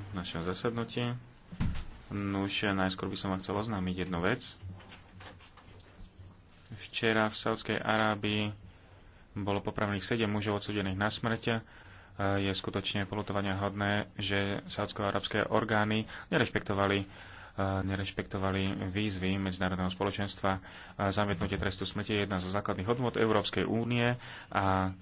v našom zasadnutí. už najskôr by som vám chcel oznámiť jednu vec. Včera v Saudskej Arábii bolo popravných 7 mužov odsudených na smrť. Je skutočne polutovania hodné, že saudsko-arabské orgány nerešpektovali nerešpektovali výzvy medzinárodného spoločenstva. Zamietnutie trestu smrti je jedna zo základných hodnot Európskej únie a